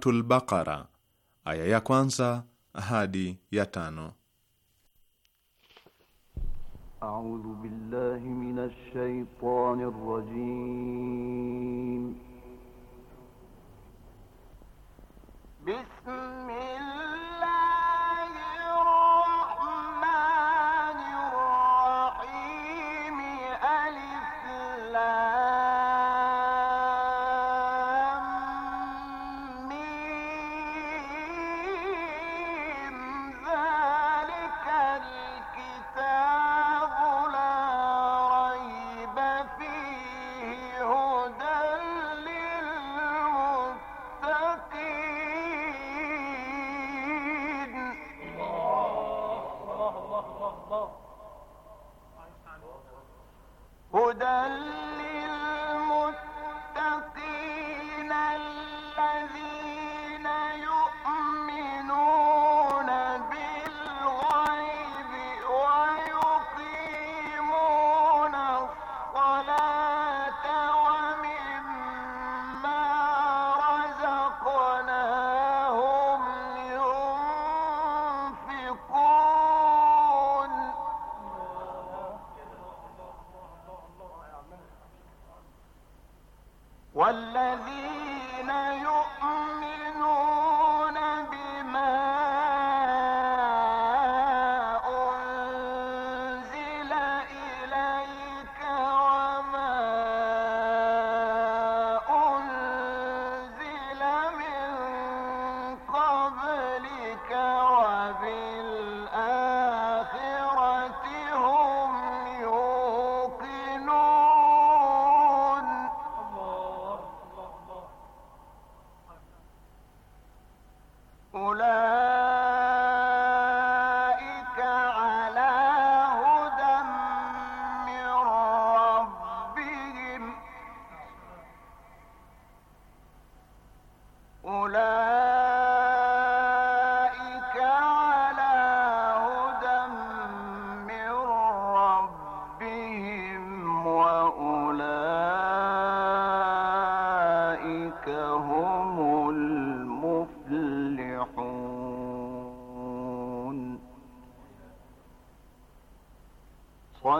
Suratul Baqara aya ya kwanza hadi ya tano. A'udhu billahi minash shaitani rrajim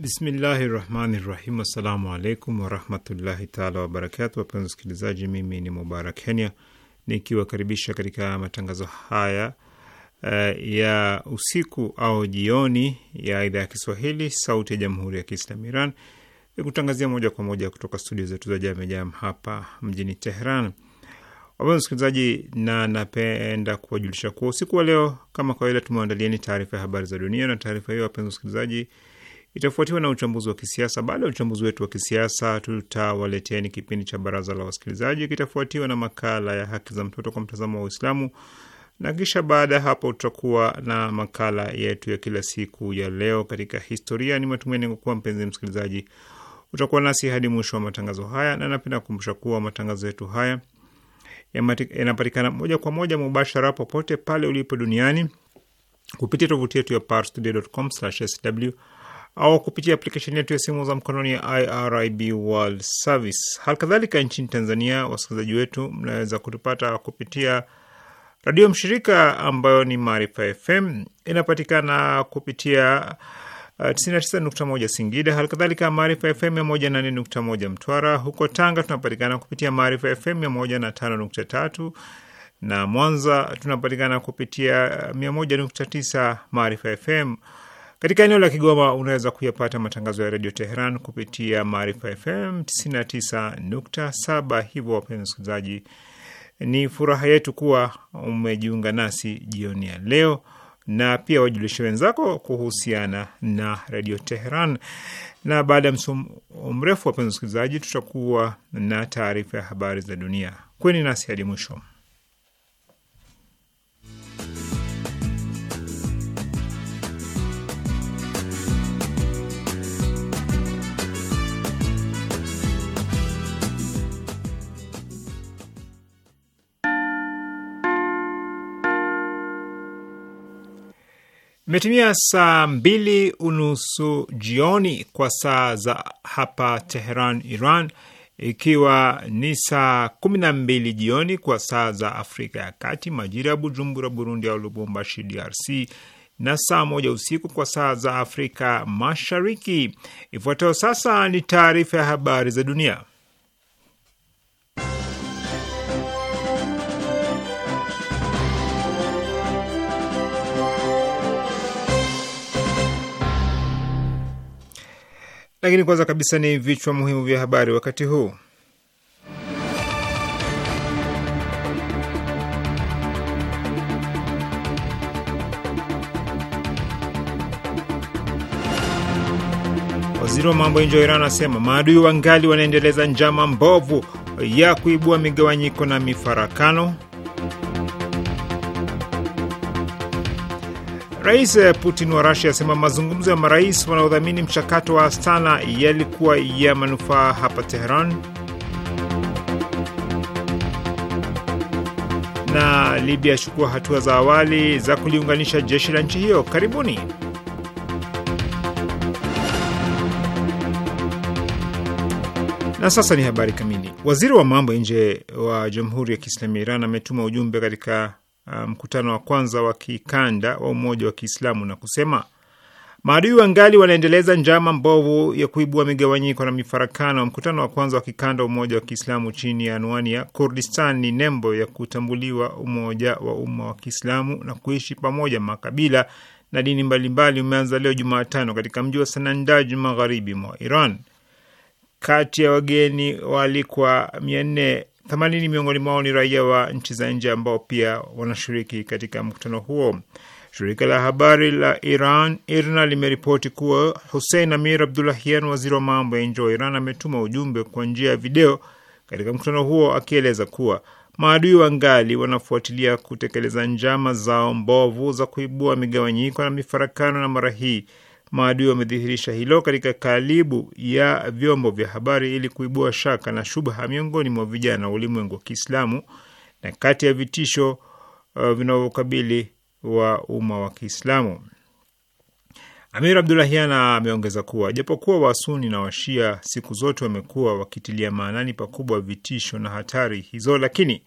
Bismillahi rahmani rahim. Assalamu alaikum warahmatullahi taala wabarakatu. Wapenzi wasikilizaji, mimi ni Mubarak Kenya nikiwakaribisha katika matangazo haya uh, ya usiku au jioni ya idhaa ya Kiswahili sauti ya jamhuri ya Kiislam Iran ikutangazia moja kwa moja kutoka studio zetu za Jamejam hapa mjini Tehran. Wapenzi wasikilizaji, na napenda kuwajulisha kuwa usiku wa leo kama kawaida tumeandalieni taarifa ya habari za dunia, na taarifa hiyo wapenzi wasikilizaji itafuatiwa na uchambuzi wa kisiasa. Baada ya uchambuzi wetu wa kisiasa, tutawaleteni kipindi cha baraza la wasikilizaji, kitafuatiwa na makala ya haki za mtoto kwa mtazamo wa Uislamu, na kisha baada ya hapo tutakuwa na makala yetu ya kila siku ya leo katika historia. Ni matumaini yangu kuwa mpenzi msikilizaji utakuwa nasi hadi mwisho wa matangazo haya, na napenda kukumbusha kuwa matangazo yetu haya yanapatikana moja kwa moja mubashara popote pale ulipo duniani kupitia tovuti yetu ya parstoday.com/sw au kupitia aplikesheni yetu ya simu za mkononi ya IRIB World Service. Halikadhalika, nchini Tanzania, wasikilizaji wetu mnaweza kutupata kupitia redio mshirika ambayo ni Maarifa FM, inapatikana kupitia 99.1 eh, Singida, halikadhalika Maarifa FM 108.1 Mtwara. Huko Tanga tunapatikana kupitia Maarifa FM 105.3 na Mwanza tunapatikana kupitia 101.9 eh, Maarifa FM. Katika eneo la Kigoma unaweza kuyapata matangazo ya redio Teheran kupitia Maarifa FM 99.7. Hivyo wapenzi wasikilizaji, ni furaha yetu kuwa umejiunga nasi jioni ya leo, na pia wajulishe wenzako kuhusiana na redio Teheran. Na baada ya msomo mrefu, wapenzi wasikilizaji, tutakuwa na taarifa ya habari za dunia. Kweni nasi hadi mwisho. Imetimia saa mbili unusu jioni kwa saa za hapa Teheran, Iran, ikiwa ni saa kumi na mbili jioni kwa saa za Afrika ya Kati, majira ya Bujumbura, Burundi, au Lubumbashi, DRC, na saa moja usiku kwa saa za Afrika Mashariki. Ifuatayo sasa ni taarifa ya habari za dunia. Lakini kwanza kabisa ni vichwa muhimu vya habari wakati huu. Waziri wa mambo ya nje wa Iran anasema maadui wangali wanaendeleza njama mbovu ya kuibua migawanyiko na mifarakano. Rais eh, Putin wa Rasia asema mazungumzo ya marais wanaodhamini mchakato wa Astana yalikuwa ya manufaa hapa Teheran. na Libya yachukua hatua za awali za kuliunganisha jeshi la nchi hiyo. Karibuni na sasa ni habari kamili. Waziri wa mambo ya nje wa Jamhuri ya Kiislamu ya Iran ametuma ujumbe katika mkutano um, wa kwanza wa kikanda wa Umoja wa Kiislamu na kusema maadui wangali wanaendeleza njama mbovu ya kuibua migawanyiko na mifarakano. Mkutano wa kwanza wa kikanda wa Umoja wa Kiislamu chini ya anwani ya Kurdistan ni nembo ya kutambuliwa umoja wa umma wa Kiislamu na kuishi pamoja makabila na dini mbalimbali umeanza leo Jumatano katika mji wa Sanandaj magharibi mwa Iran. Kati ya wageni walikuwa mia nne themanini miongoni mwao ni raia wa nchi za nje ambao pia wanashiriki katika mkutano huo. Shirika la habari la Iran IRNA limeripoti kuwa Hussein Amir Abdulahian, waziri wa mambo ya nje wa Iran, ametuma ujumbe kwa njia ya video katika mkutano huo akieleza kuwa maadui wangali wanafuatilia kutekeleza njama zao mbovu za kuibua migawanyiko na mifarakano, na mara hii maadui wamedhihirisha hilo katika kalibu ya vyombo vya habari ili kuibua shaka na shubha miongoni mwa vijana wa ulimwengu wa Kiislamu na kati ya vitisho uh, vinavyokabili wa umma wa Kiislamu. Amir Abdulahiana ameongeza kuwa japokuwa Wasuni na Washia siku zote wamekuwa wakitilia maanani pakubwa vitisho na hatari hizo, lakini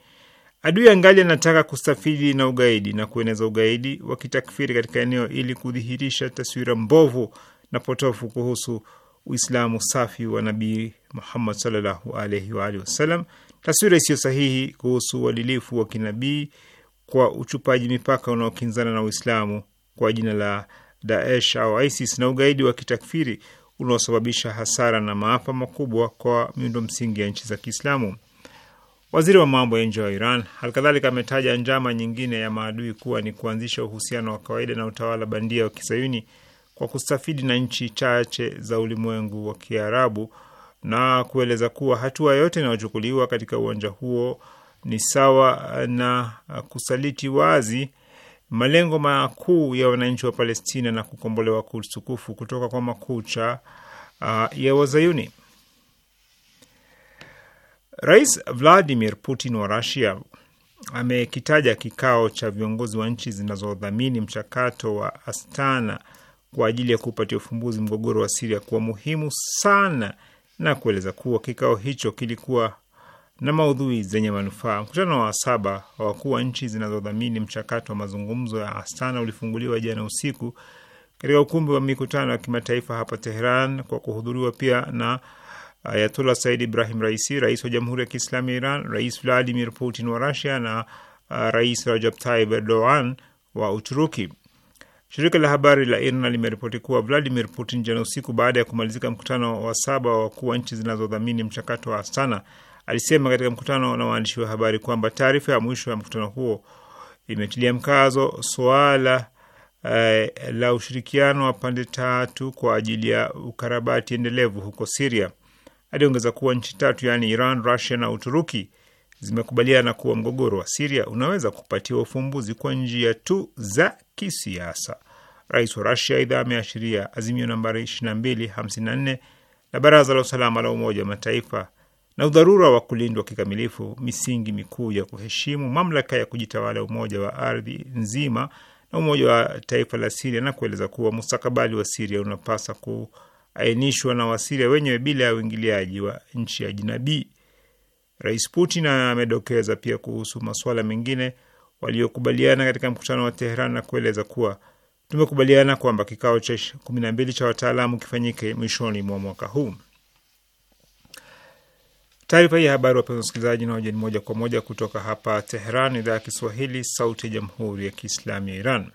Adui angali anataka kustafidi na ugaidi na kueneza ugaidi wa kitakfiri katika eneo ili kudhihirisha taswira mbovu na potofu kuhusu Uislamu safi wa Nabii Muhammad sallallahu alaihi wa alihi wasallam, taswira isiyo sahihi kuhusu uadilifu wa kinabii kwa uchupaji mipaka unaokinzana na Uislamu kwa jina la Daesh au ISIS na ugaidi wa kitakfiri unaosababisha hasara na maafa makubwa kwa miundo msingi ya nchi za Kiislamu. Waziri wa mambo ya nje wa Iran halikadhalika ametaja njama nyingine ya maadui kuwa ni kuanzisha uhusiano wa kawaida na utawala bandia wa kisayuni kwa kustafidi na nchi chache za ulimwengu wa Kiarabu na kueleza kuwa hatua yote inayochukuliwa katika uwanja huo ni sawa na kusaliti wazi malengo makuu ya wananchi wa Palestina na kukombolewa kusukufu kutoka kwa makucha uh, ya Wazayuni. Rais Vladimir Putin wa Rusia amekitaja kikao cha viongozi wa nchi zinazodhamini mchakato wa Astana kwa ajili ya kupatia ufumbuzi mgogoro wa Siria kuwa muhimu sana na kueleza kuwa kikao hicho kilikuwa na maudhui zenye manufaa. Mkutano wa saba wa wakuu wa nchi zinazodhamini mchakato wa mazungumzo ya Astana ulifunguliwa jana usiku katika ukumbi wa mikutano ya kimataifa hapa Teheran kwa kuhudhuriwa pia na Ayatollah Said Ibrahim Raisi, rais wa Jamhuri ya Kiislamu ya Iran, Rais Vladimir Putin wa Rusia na uh, Rais Rajab Tayyip Erdogan wa Uturuki. Shirika la habari la IRNA limeripoti kuwa Vladimir Putin jana usiku, baada ya kumalizika mkutano wa saba wa wakuu wa nchi zinazodhamini mchakato wa Astana, alisema katika mkutano na waandishi wa habari kwamba taarifa ya mwisho ya mkutano huo imetilia mkazo suala uh, la ushirikiano wa pande tatu kwa ajili ya ukarabati endelevu huko Siria. Aliongeza kuwa nchi tatu yaani Iran, Rusia na Uturuki zimekubaliana kuwa mgogoro wa Siria unaweza kupatiwa ufumbuzi kwa njia tu za kisiasa. Rais wa Rusia aidha ameashiria azimio nambari 2254 la Baraza la Usalama la Umoja wa Mataifa na udharura wa kulindwa kikamilifu misingi mikuu ya kuheshimu mamlaka ya kujitawala umoja wa ardhi nzima na umoja wa taifa la Siria na kueleza kuwa mustakabali wa Siria unapasa ku ainishwa na Wasiria wenyewe bila ya uingiliaji wa nchi ya jinabii. Rais Putin amedokeza pia kuhusu masuala mengine waliokubaliana katika mkutano wa Teheran na kueleza kuwa tumekubaliana kwamba kikao cha kumi na mbili cha wataalamu kifanyike mwishoni mwa mwaka huu. Taarifa hii ya habari, wapenzi wasikilizaji, na wajeni moja kwa moja kutoka hapa Teheran, idhaa ya Kiswahili, sauti ya jamhuri ya kiislamu ya Iran.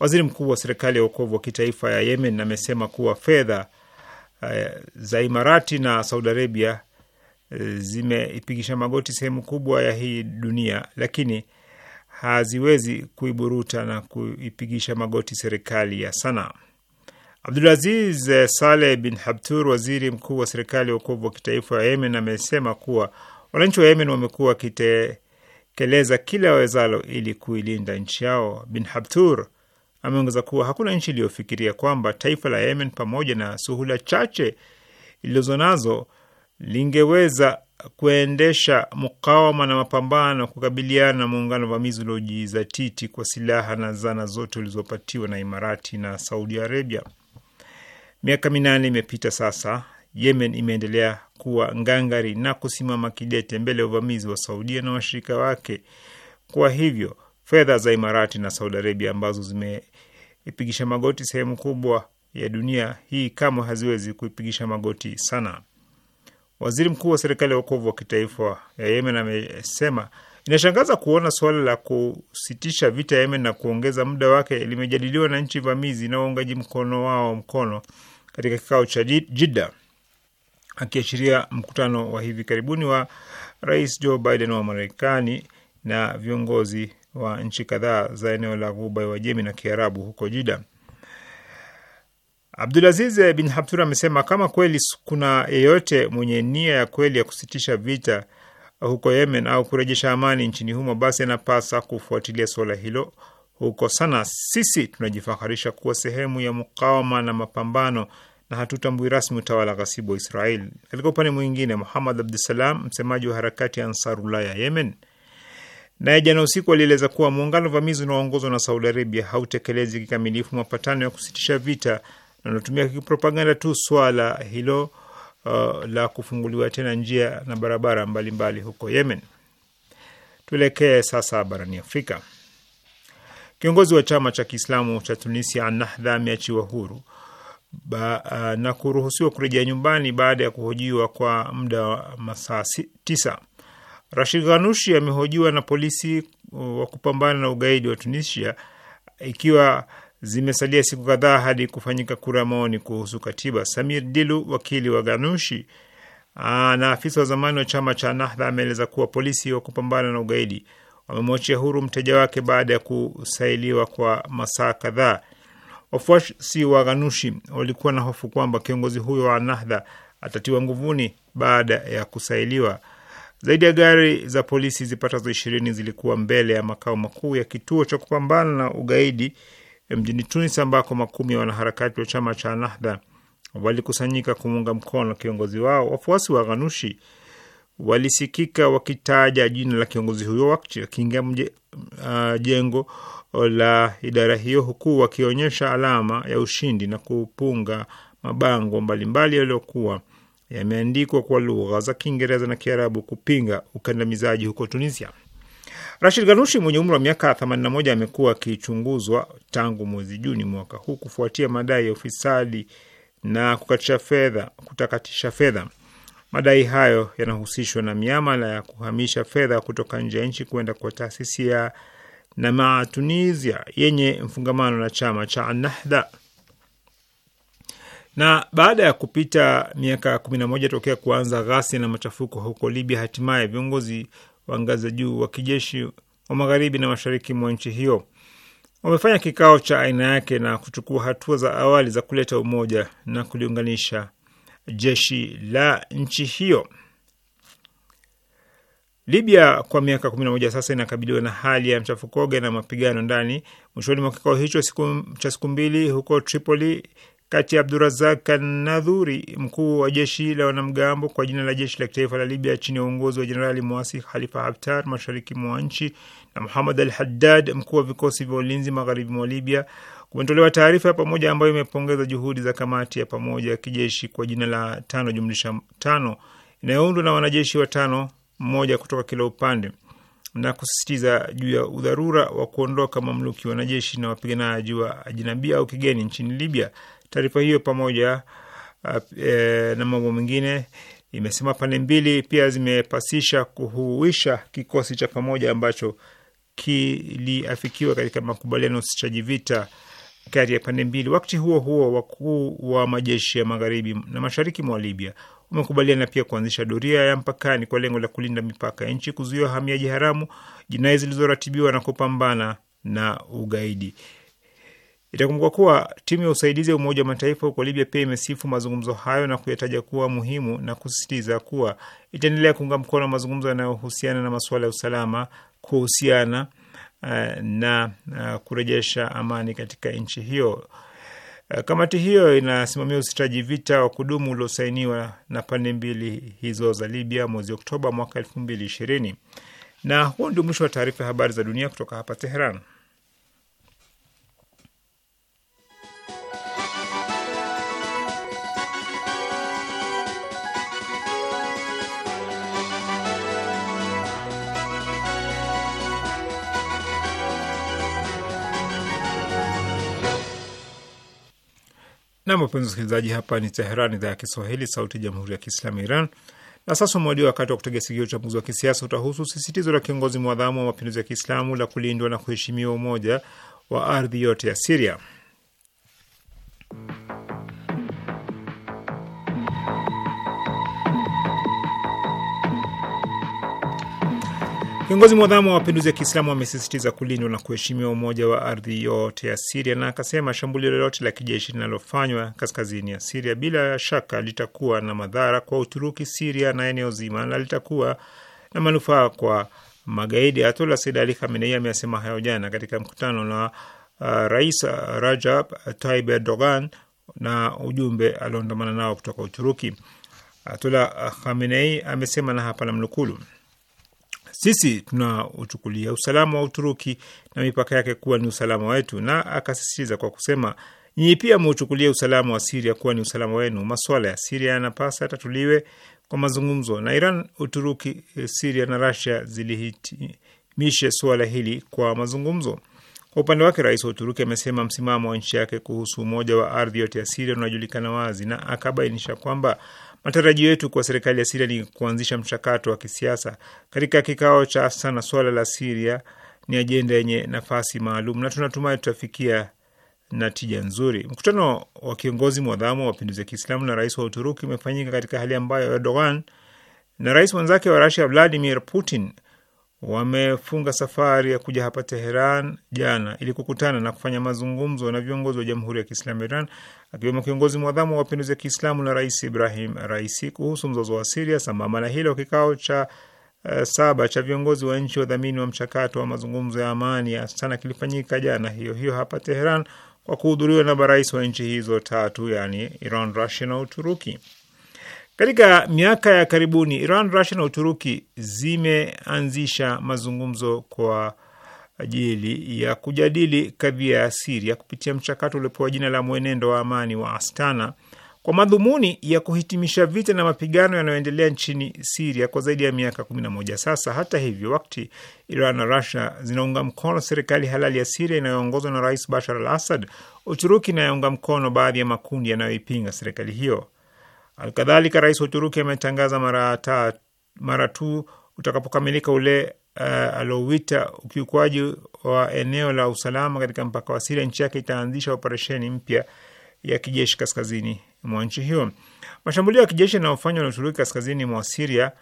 Waziri mkuu wa serikali ya uokovu wa kitaifa ya Yemen amesema kuwa fedha uh, za Imarati na Saudi Arabia uh, zimeipigisha magoti sehemu kubwa ya hii dunia, lakini haziwezi kuiburuta na kuipigisha magoti serikali ya Sana. Abdulaziz eh, Saleh bin Habtur, waziri mkuu wa serikali ya uokovu wa kitaifa ya Yemen, amesema kuwa wananchi wa Yemen wamekuwa wakitekeleza kila wawezalo ili kuilinda nchi yao. Bin Habtur ameongeza kuwa hakuna nchi iliyofikiria kwamba taifa la Yemen pamoja na suhula chache ilizo nazo lingeweza kuendesha mukawama na mapambano kukabiliana na muungano vamizi uliojizatiti kwa silaha na zana zote ulizopatiwa na Imarati na Saudi Arabia. Miaka minane imepita sasa, Yemen imeendelea kuwa ngangari na kusimama kidete mbele ya uvamizi wa Saudia na washirika wake. Kwa hivyo fedha za Imarati na Saudi Arabia ambazo zime ipigisha magoti sehemu kubwa ya dunia hii kamwe haziwezi kuipigisha magoti sana. Waziri mkuu wa serikali ya wokovu wa kitaifa ya Yemen amesema inashangaza kuona suala la kusitisha vita ya Yemen na kuongeza muda wake limejadiliwa na nchi vamizi na waungaji mkono wao mkono katika kikao cha Jidda, akiashiria mkutano wa hivi karibuni wa Rais Joe Biden wa Marekani na viongozi wa nchi kadhaa za eneo la Ghuba ya Uajemi na Kiarabu huko Jida. Abdulaziz bin Habtur amesema kama kweli kuna yeyote mwenye nia ya kweli ya kusitisha vita huko Yemen au kurejesha amani nchini humo, basi anapasa kufuatilia suala hilo huko sana. Sisi tunajifaharisha kuwa sehemu ya mukawama na mapambano na hatutambui rasmi utawala ghasibu wa israel Katika upande mwingine, Muhamad Abdusalam, msemaji wa harakati ya Ansarullah ya Yemen, Naye jana usiku alieleza kuwa muungano vamizi unaoongozwa na Saudi Arabia hautekelezi kikamilifu mapatano ya kusitisha vita na unatumia kipropaganda tu swala hilo uh, la kufunguliwa tena njia na barabara mbalimbali mbali huko Yemen. Tuelekee sasa barani Afrika. Kiongozi wa chama cha Kiislamu cha Tunisia anahdha ameachiwa huru ba, uh, na kuruhusiwa kurejea nyumbani baada ya kuhojiwa kwa muda wa masaa tisa. Rashid Ghanushi amehojiwa na polisi uh, wa kupambana na ugaidi wa Tunisia ikiwa zimesalia siku kadhaa hadi kufanyika kura maoni kuhusu katiba. Samir Dilu, wakili wa Ghanushi uh, na afisa wa zamani wa chama cha Nahdha, ameeleza kuwa polisi wa kupambana na ugaidi wamemwachia huru mteja wake baada ya kusailiwa kwa masaa kadhaa. Wafuasi wa Ghanushi walikuwa na hofu kwamba kiongozi huyo wa Nahdha atatiwa nguvuni baada ya kusailiwa. Zaidi ya gari za polisi zipatazo ishirini zilikuwa mbele ya makao makuu ya kituo cha kupambana na ugaidi mjini Tunis, ambako makumi ya wanaharakati wa chama cha Nahdha walikusanyika kumuunga mkono kiongozi wao. Wafuasi wa Ghanushi walisikika wakitaja jina la kiongozi huyo wakiingia uh, jengo la idara hiyo huku wakionyesha alama ya ushindi na kupunga mabango mbalimbali yaliyokuwa yameandikwa kwa lugha za Kiingereza na Kiarabu kupinga ukandamizaji huko Tunisia. Rashid Ganushi mwenye umri wa miaka 81 amekuwa akichunguzwa tangu mwezi Juni mwaka huu kufuatia madai ya ufisadi na kukatisha fedha, kutakatisha fedha. Madai hayo yanahusishwa na miamala ya kuhamisha fedha kutoka nje ya nchi kwenda kwa taasisi ya Namaa Tunisia yenye mfungamano na chama cha nahda na baada ya kupita miaka moja tokea kuanza ghasia na machafuko huko Libya, hatimaye viongozi wa ngazi za juu wa kijeshi wa magharibi na mashariki mwa nchi hiyo wamefanya kikao cha aina yake na kuchukua hatua za awali za kuleta umoja na kuliunganisha jeshi la nchi hiyo. Libya kwa miaka moja sasa inakabiliwa na hali ya mchafukoge na mapigano ndani. Mwishoni mwa kikao hicho siku, cha siku mbili huko Tripoli kati ya Abdurazak Anadhuri, mkuu wa jeshi la wanamgambo kwa jina la jeshi la kitaifa la Libya chini ya uongozi wa jenerali mwasi Khalifa Haftar mashariki mwa nchi na Muhamad al Haddad, mkuu wa vikosi vya ulinzi magharibi mwa Libya, kumetolewa taarifa ya pamoja ambayo imepongeza juhudi za kamati ya pamoja ya kijeshi kwa jina la tano jumlisha tano inayoundwa na wanajeshi watano mmoja kutoka kila upande na kusisitiza juu ya udharura wa kuondoka mamluki wanajeshi na wapiganaji wa ajinabia au kigeni nchini Libya. Taarifa hiyo pamoja uh, e, na mambo mengine imesema pande mbili pia zimepasisha kuhuisha kikosi cha pamoja ambacho kiliafikiwa katika makubaliano ya usitishaji vita kati ya pande mbili. Wakati huo huo, wakuu wa majeshi ya magharibi na mashariki mwa Libya wamekubaliana pia kuanzisha doria ya mpakani kwa lengo la kulinda mipaka ya nchi, kuzuia wahamiaji haramu, jinai zilizoratibiwa na kupambana na ugaidi. Itakumbuka kuwa timu ya usaidizi ya Umoja wa Mataifa huko Libya pia imesifu mazungumzo hayo na kuyataja kuwa muhimu na kusisitiza kuwa itaendelea kuunga mkono mazungumzo yanayohusiana na masuala ya usalama, kuhusiana uh, na uh, kurejesha amani katika nchi hiyo. Uh, kamati hiyo inasimamia usitaji vita wa kudumu uliosainiwa na pande mbili hizo za Libya mwezi Oktoba mwaka elfu mbili ishirini. Na huo ndio mwisho wa taarifa ya habari za dunia kutoka hapa Teheran. Na wapenzi wasikilizaji, hapa ni Teheran, idhaa ya Kiswahili, sauti ya jamhuri ya kiislamu ya Iran. Na sasa umewadia wakati wa kutega sikio. Uchambuzi wa kisiasa utahusu sisitizo la kiongozi mwadhamu wa mapinduzi ya Kiislamu la kulindwa na kuheshimiwa umoja wa ardhi yote ya Siria. kiongozi mwadhamu wa mapinduzi ya Kiislamu wamesisitiza kulindwa na kuheshimiwa umoja wa ardhi yote ya Siria na akasema shambulio lolote la kijeshi linalofanywa kaskazini ya Siria bila shaka litakuwa na madhara kwa Uturuki, Siria na eneo zima na litakuwa na manufaa kwa magaidi. Atola Said Ali Khamenei ameasema hayo jana katika mkutano na uh, Rais Rajab Tayyip Erdogan na ujumbe alioandamana nao kutoka Uturuki. Atola Khamenei amesema na hapa namnukulu: sisi tunauchukulia usalama wa Uturuki na mipaka yake kuwa ni usalama wetu, na akasisitiza kwa kusema, nyinyi pia muuchukulie usalama wa Siria kuwa ni usalama wenu. maswala ya Siria yanapasa yatatuliwe kwa mazungumzo, na Iran, Uturuki, Siria na Rasia zilihitimishe suala hili kwa mazungumzo. Kwa upande wake, rais wa Uturuki amesema msimamo wa nchi yake kuhusu umoja wa ardhi yote ya Siria unajulikana wazi na akabainisha kwamba Matarajio yetu kwa serikali ya Siria ni kuanzisha mchakato wa kisiasa katika kikao cha sana. Swala la Siria ni ajenda yenye nafasi maalum na tunatumai tutafikia na tija nzuri. Mkutano wa kiongozi mwadhamu wa mapinduzi ya Kiislamu na rais wa Uturuki umefanyika katika hali ambayo Erdogan na rais mwenzake wa Rusia Vladimir Putin wamefunga safari ya kuja hapa Teheran jana ili kukutana na kufanya mazungumzo na viongozi wa Jamhuri ya Kiislamu ya Iran akiwemo kiongozi mwadhamu wa mapinduzi ya Kiislamu na Rais Ibrahim Raisi kuhusu mzozo wa Siria. Sambamba na hilo, kikao cha uh, saba cha viongozi wa nchi wadhamini wa mchakato wa mazungumzo ya amani ya sana kilifanyika jana hiyo hiyo hapa Teheran kwa kuhudhuriwa na marais wa nchi hizo tatu, yani Iran, Rusia na Uturuki. Katika miaka ya karibuni Iran, Rusia na Uturuki zimeanzisha mazungumzo kwa ajili ya kujadili kadhia ya Siria kupitia mchakato uliopewa jina la mwenendo wa amani wa Astana kwa madhumuni ya kuhitimisha vita na mapigano yanayoendelea nchini Siria kwa zaidi ya miaka 11 sasa. Hata hivyo, wakati Iran na Rusia zinaunga mkono serikali halali ya Siria inayoongozwa na Rais Bashar al Assad, Uturuki inayounga mkono baadhi ya makundi yanayoipinga serikali hiyo. Alkadhalika, rais wa Uturuki ametangaza mara tu utakapokamilika ule uh, alowita ukiukwaji wa eneo la usalama katika mpaka wa Siria, nchi yake itaanzisha operesheni mpya ya kijeshi kaskazini mwa nchi hiyo. Mashambulio ya kijeshi yanayofanywa na Uturuki kaskazini mwa Siria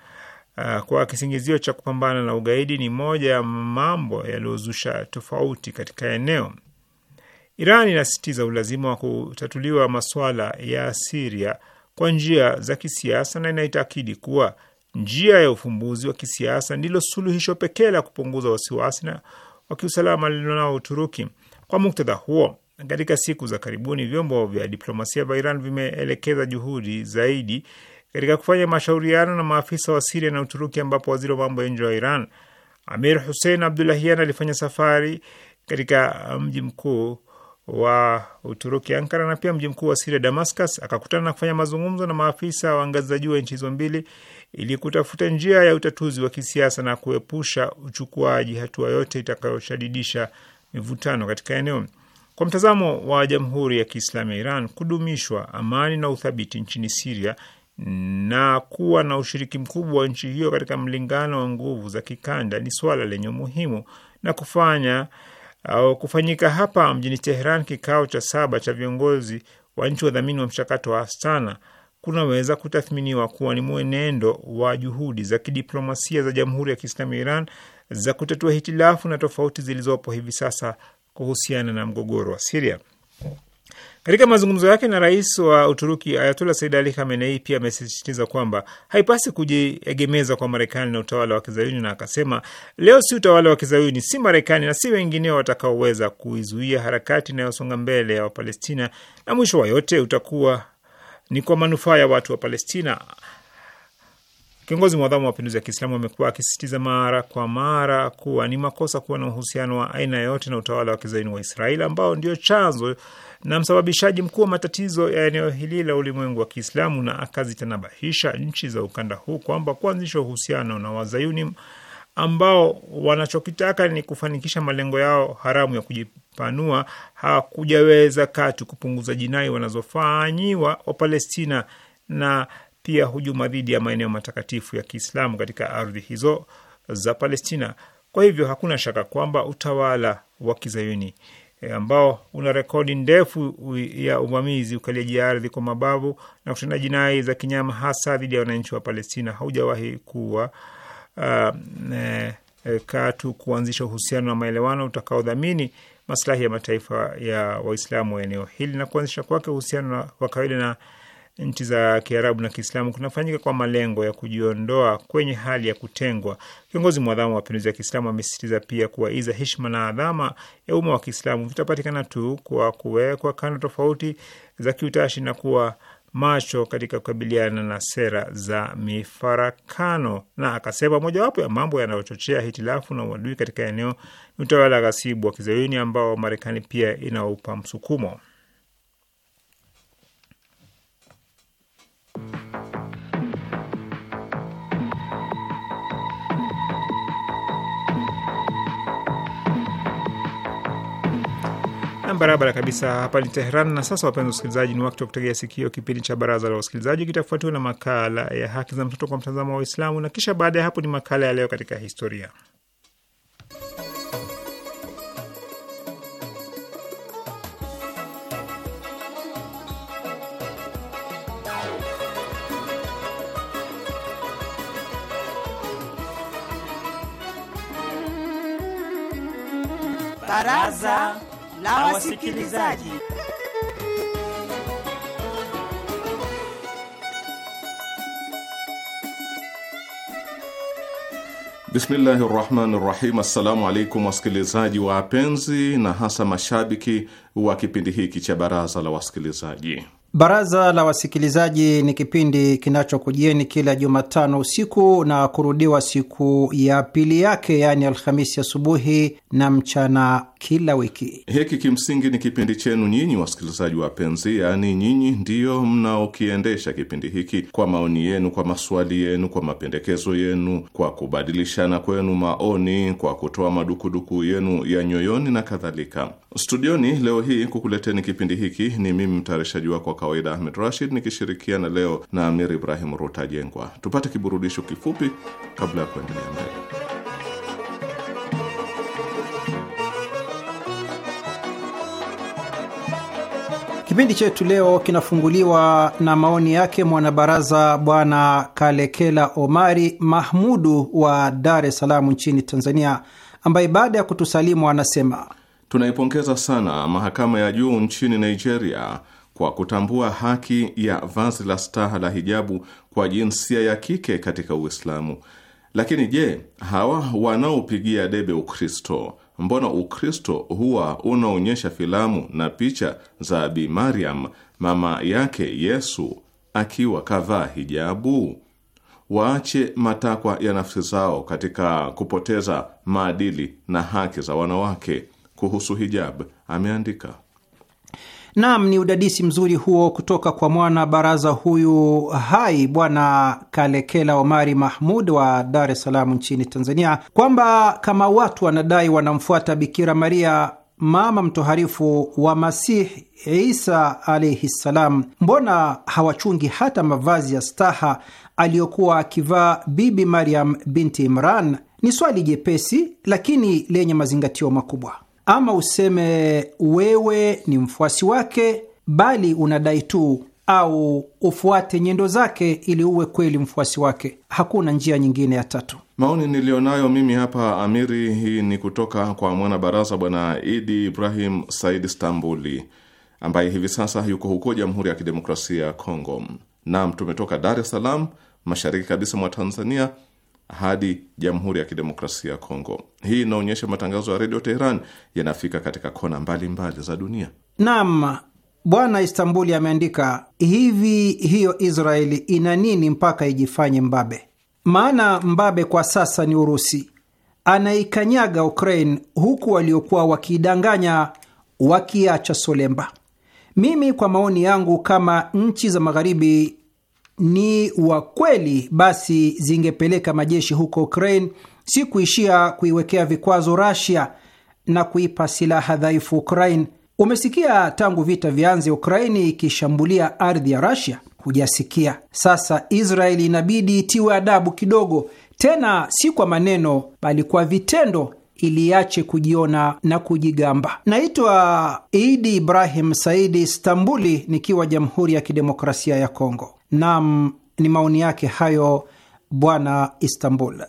uh, kwa kisingizio cha kupambana na ugaidi ni moja ya mambo yaliyozusha tofauti katika eneo. Iran inasisitiza ulazima wa kutatuliwa masuala ya Siria kwa njia za kisiasa na inaitakidi kuwa njia ya ufumbuzi wa kisiasa ndilo suluhisho pekee la kupunguza wasiwasi na wa kiusalama lilionao Uturuki. Kwa muktadha huo, katika siku za karibuni vyombo vya diplomasia vya Iran vimeelekeza juhudi zaidi katika kufanya mashauriano na maafisa wa Siria na Uturuki, ambapo waziri wa mambo ya nje wa Iran Amir Hussein Abdullahian alifanya safari katika mji mkuu wa Uturuki Ankara na pia mji mkuu wa Siria Damascus, akakutana na kufanya mazungumzo na maafisa wa ngazi za juu wa nchi hizo mbili ili kutafuta njia ya utatuzi wa kisiasa na kuepusha uchukuaji hatua yote itakayoshadidisha mivutano katika eneo. Kwa mtazamo wa Jamhuri ya Kiislamu ya Iran, kudumishwa amani na uthabiti nchini Siria na kuwa na ushiriki mkubwa wa nchi hiyo katika mlingano wa nguvu za kikanda ni swala lenye umuhimu na kufanya au kufanyika hapa mjini Teheran kikao cha saba cha viongozi wa nchi wadhamini wa mchakato wa Astana kunaweza kutathminiwa kuwa ni mwenendo wa juhudi za kidiplomasia za Jamhuri ya Kiislamu ya Iran za kutatua hitilafu na tofauti zilizopo hivi sasa kuhusiana na mgogoro wa Siria. Katika mazungumzo yake na rais wa Uturuki, Ayatola Said Ali Khamenei pia amesisitiza kwamba haipasi kujiegemeza kwa Marekani na utawala wa Kizayuni, na akasema leo si utawala wa Kizayuni, si Marekani na si wengineo watakaoweza kuizuia harakati inayosonga mbele ya Wapalestina, na mwisho wa yote utakuwa ni kwa manufaa ya watu wa Palestina. Kiongozi mwadhamu wa mapinduzi ya Kiislamu amekuwa akisisitiza mara kwa mara kuwa ni makosa kuwa na uhusiano wa aina yoyote na utawala wa kizaini wa Israeli ambao ndio chanzo na msababishaji mkuu wa matatizo ya eneo hili la ulimwengu wa Kiislamu, na akazitanabahisha nchi za ukanda huu kwamba kuanzisha uhusiano na wazayuni ambao wanachokitaka ni kufanikisha malengo yao haramu ya kujipanua hakujaweza katu kupunguza jinai wanazofanyiwa Wapalestina na pia hujuma dhidi ya maeneo matakatifu ya Kiislamu katika ardhi hizo za Palestina. Kwa hivyo hakuna shaka kwamba utawala wa kizayuni e, ambao una rekodi ndefu ya uvamizi, ukaliaji ardhi kwa mabavu na kutenda jinai za kinyama, hasa dhidi ya wananchi wa Palestina, haujawahi kuwa uh, ne, eh, katu kuanzisha uhusiano na maelewano utakaodhamini maslahi ya mataifa ya Waislamu wa eneo hili na kuanzisha kwake uhusiano wa kawaida na nchi za Kiarabu na Kiislamu kunafanyika kwa malengo ya kujiondoa kwenye hali ya kutengwa. Kiongozi mwadhamu wa mapinduzi ya Kiislamu amesisitiza pia kuwa iza heshima na adhama ya umma wa Kiislamu vitapatikana tu kwa kuwekwa kando tofauti za kiutashi na kuwa macho katika kukabiliana na sera za mifarakano, na akasema mojawapo ya mambo yanayochochea hitilafu na uadui katika eneo ni utawala ghasibu wa kizayuni ambao Marekani pia inaupa msukumo. barabara kabisa hapa ni Teheran. Na sasa, wapenzi wasikilizaji, ni wakati wa kutegea sikio kipindi cha Baraza la Wasikilizaji, kitafuatiwa na makala ya haki za mtoto kwa mtazamo wa Waislamu, na kisha baada ya hapo ni makala ya Leo katika Historia. Baraza la wasikilizaji. Bismillahi rahmani rahim. Assalamu alaikum wasikilizaji wapenzi, na hasa mashabiki wa kipindi hiki cha baraza la wasikilizaji. Baraza la Wasikilizaji ni kipindi kinachokujieni kila Jumatano usiku na kurudiwa siku ya pili yake, yaani Alhamisi asubuhi ya na mchana kila wiki. Hiki kimsingi ni kipindi chenu nyinyi wasikilizaji wapenzi, yaani nyinyi ndiyo mnaokiendesha kipindi hiki kwa maoni yenu, kwa maswali yenu, kwa mapendekezo yenu, kwa kubadilishana kwenu maoni, kwa kutoa madukuduku yenu ya nyoyoni na kadhalika. Studioni leo hii kukuleteni kipindi hiki ni mimi mtayarishaji wako wa kawaida Ahmed Rashid, nikishirikiana leo na Amir Ibrahim Jengwa. Tupate kiburudisho kifupi kabla ya kuendelea mbele. Kipindi chetu leo kinafunguliwa na maoni yake mwanabaraza Bwana Kalekela Omari Mahmudu wa Dar es Salaam nchini Tanzania, ambaye baada ya kutusalimu anasema Tunaipongeza sana mahakama ya juu nchini Nigeria kwa kutambua haki ya vazi la staha la hijabu kwa jinsia ya kike katika Uislamu. Lakini je, hawa wanaopigia debe Ukristo, mbona Ukristo huwa unaonyesha filamu na picha za Bi Mariam mama yake Yesu akiwa kavaa hijabu? Waache matakwa ya nafsi zao katika kupoteza maadili na haki za wanawake kuhusu hijab ameandika: Naam, ni udadisi mzuri huo kutoka kwa mwana baraza huyu hai Bwana Kalekela Omari Mahmud wa Dar es Salaam nchini Tanzania, kwamba kama watu wanadai wanamfuata Bikira Maria mama mtoharifu wa Masihi Isa alaihi ssalam, mbona hawachungi hata mavazi ya staha aliyokuwa akivaa Bibi Mariam binti Imran? Ni swali jepesi lakini lenye mazingatio makubwa ama useme wewe ni mfuasi wake, bali unadai tu au ufuate nyendo zake ili uwe kweli mfuasi wake. Hakuna njia nyingine ya tatu. Maoni niliyonayo mimi hapa, Amiri, hii ni kutoka kwa mwanabaraza Bwana Idi Ibrahim Said Stambuli ambaye hivi sasa yuko huko Jamhuri ya Kidemokrasia ya Kongo. Naam, tumetoka Dar es Salaam, mashariki kabisa mwa Tanzania hadi Jamhuri ya Kidemokrasia ya Kongo. Hii inaonyesha matangazo ya Redio Teheran yanafika katika kona mbalimbali mbali za dunia. Naam, Bwana Istambuli ameandika hivi, hiyo Israeli ina nini mpaka ijifanye mbabe? Maana mbabe kwa sasa ni Urusi, anaikanyaga Ukraine huku waliokuwa wakiidanganya wakiacha solemba. Mimi kwa maoni yangu, kama nchi za Magharibi ni wa kweli, basi zingepeleka majeshi huko Ukraine, si kuishia kuiwekea vikwazo Russia na kuipa silaha dhaifu Ukraine. Umesikia tangu vita vyanze Ukraini ikishambulia ardhi ya Russia? Hujasikia. Sasa Israeli inabidi itiwe adabu kidogo, tena si kwa maneno, bali kwa vitendo, iliache kujiona na kujigamba. Naitwa Idi Ibrahim Saidi, Stambuli, nikiwa Jamhuri ya Kidemokrasia ya Kongo. Naam, ni maoni yake hayo Bwana Istanbul.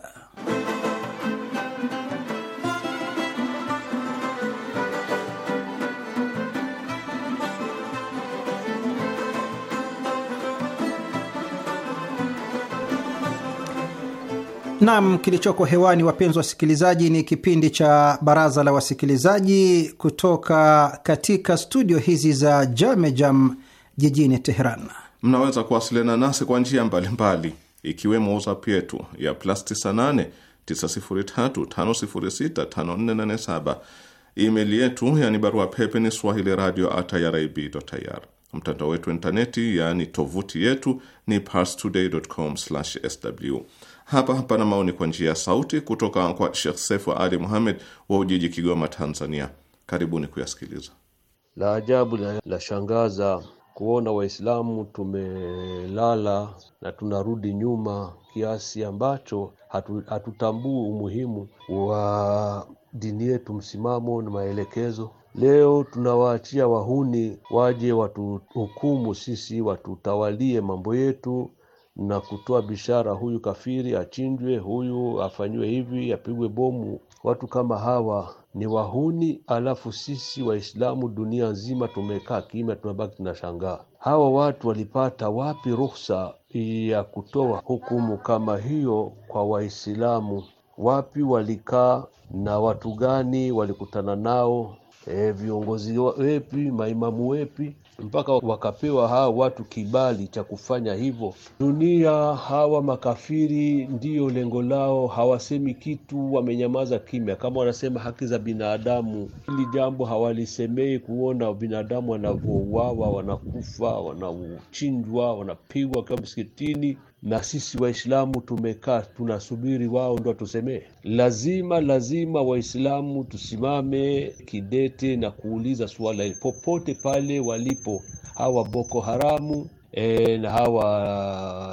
Nam, kilichoko hewani wapenzi wasikilizaji, ni kipindi cha baraza la wasikilizaji kutoka katika studio hizi za Jamejam jijini Teheran mnaweza kuwasiliana nasi kwa njia mbalimbali ikiwemo WhatsApp yetu ya plus 98 9035065487, email yetu yani barua pepe ni swahili radio at mtandao wetu wa intaneti yaani tovuti yetu ni parstoday.com/sw. Hapa hapana maoni kwa njia ya sauti kutoka kwa Sheikh Sefu Ali Muhamed wa Ujiji, Kigoma, Tanzania. Karibuni kuyasikiliza. La ajabu la, la shangaza kuona Waislamu tumelala na tunarudi nyuma kiasi ambacho hatu, hatutambui umuhimu wa dini yetu, msimamo na maelekezo. Leo tunawaachia wahuni waje watuhukumu sisi, watutawalie mambo yetu na kutoa bishara, huyu kafiri achinjwe, huyu afanyiwe hivi, apigwe bomu. Watu kama hawa ni wahuni, alafu sisi Waislamu dunia nzima tumekaa kimya, tumebaki tunashangaa hawa watu walipata wapi ruhusa ya kutoa hukumu kama hiyo kwa Waislamu? Wapi walikaa na watu gani walikutana nao? E, viongozi wepi? Maimamu wepi? mpaka wakapewa hawa watu kibali cha kufanya hivyo. Dunia hawa makafiri ndiyo lengo lao, hawasemi kitu, wamenyamaza kimya. Kama wanasema haki za binadamu, hili jambo hawalisemei, kuona binadamu wanavyouawa, wanakufa, wanachinjwa, wanapigwa wakiwa msikitini na sisi Waislamu tumekaa tunasubiri wao ndo watusemee. Lazima lazima Waislamu tusimame kidete na kuuliza suala hili popote pale walipo hawa Boko Haramu e, na hawa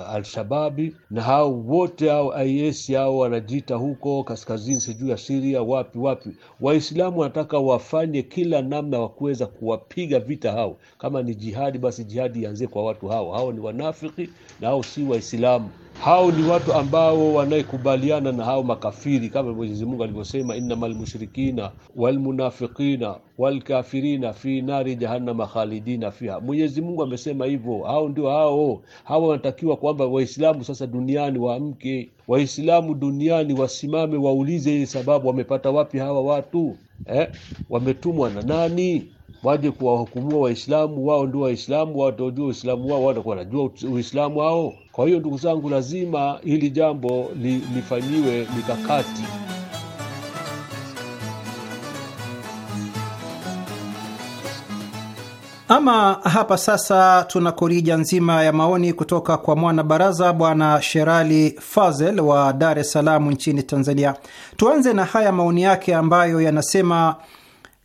uh, Alshababi na hao wote hao IS hao wanajiita huko kaskazini sijui ya Syria wapi wapi. Waislamu wanataka wafanye kila namna wa kuweza kuwapiga vita hao. Kama ni jihadi, basi jihadi ianzie kwa watu hao. Hao ni wanafiki na hao si Waislamu hao ni watu ambao wanayekubaliana na hao makafiri, kama Mwenyezi Mungu alivyosema, innamal mushrikina wal walkafirina fi nari jahannama khalidina fiha. Mwenyezi Mungu amesema hivyo, hao ndio hao. Hawa wanatakiwa kwamba Waislamu sasa duniani waamke, Waislamu duniani wasimame, waulize sababu wamepata wapi hawa watu eh? wametumwa na nani? waje kuwahukumua Waislamu. Wao ndio Waislamu, wao wataujua Uislamu wao, watakuwa wanajua Uislamu wao. Kwa hiyo ndugu zangu, lazima hili jambo li, lifanyiwe mikakati. Ama hapa sasa tuna korija nzima ya maoni kutoka kwa mwana baraza Bwana Sherali Fazel wa Dar es Salaam nchini Tanzania. Tuanze na haya maoni yake ambayo yanasema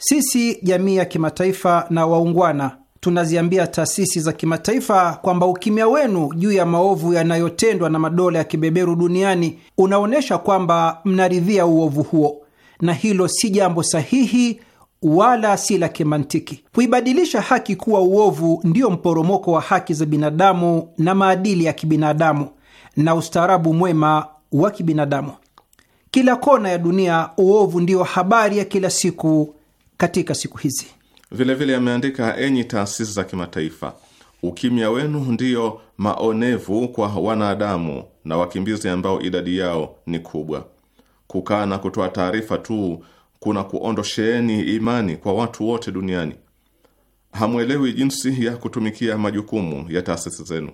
sisi jamii ya kimataifa na waungwana tunaziambia taasisi za kimataifa kwamba ukimya wenu juu ya maovu yanayotendwa na madola ya kibeberu duniani unaonyesha kwamba mnaridhia uovu huo, na hilo si jambo sahihi wala si la kimantiki. Kuibadilisha haki kuwa uovu ndiyo mporomoko wa haki za binadamu na maadili ya kibinadamu na ustaarabu mwema wa kibinadamu. Kila kona ya dunia, uovu ndiyo habari ya kila siku katika siku hizi. Vilevile ameandika, enyi taasisi za kimataifa, ukimya wenu ndiyo maonevu kwa wanadamu na wakimbizi ambao idadi yao ni kubwa. Kukaa na kutoa taarifa tu kuna kuondosheeni imani kwa watu wote duniani. Hamwelewi jinsi ya kutumikia majukumu ya taasisi zenu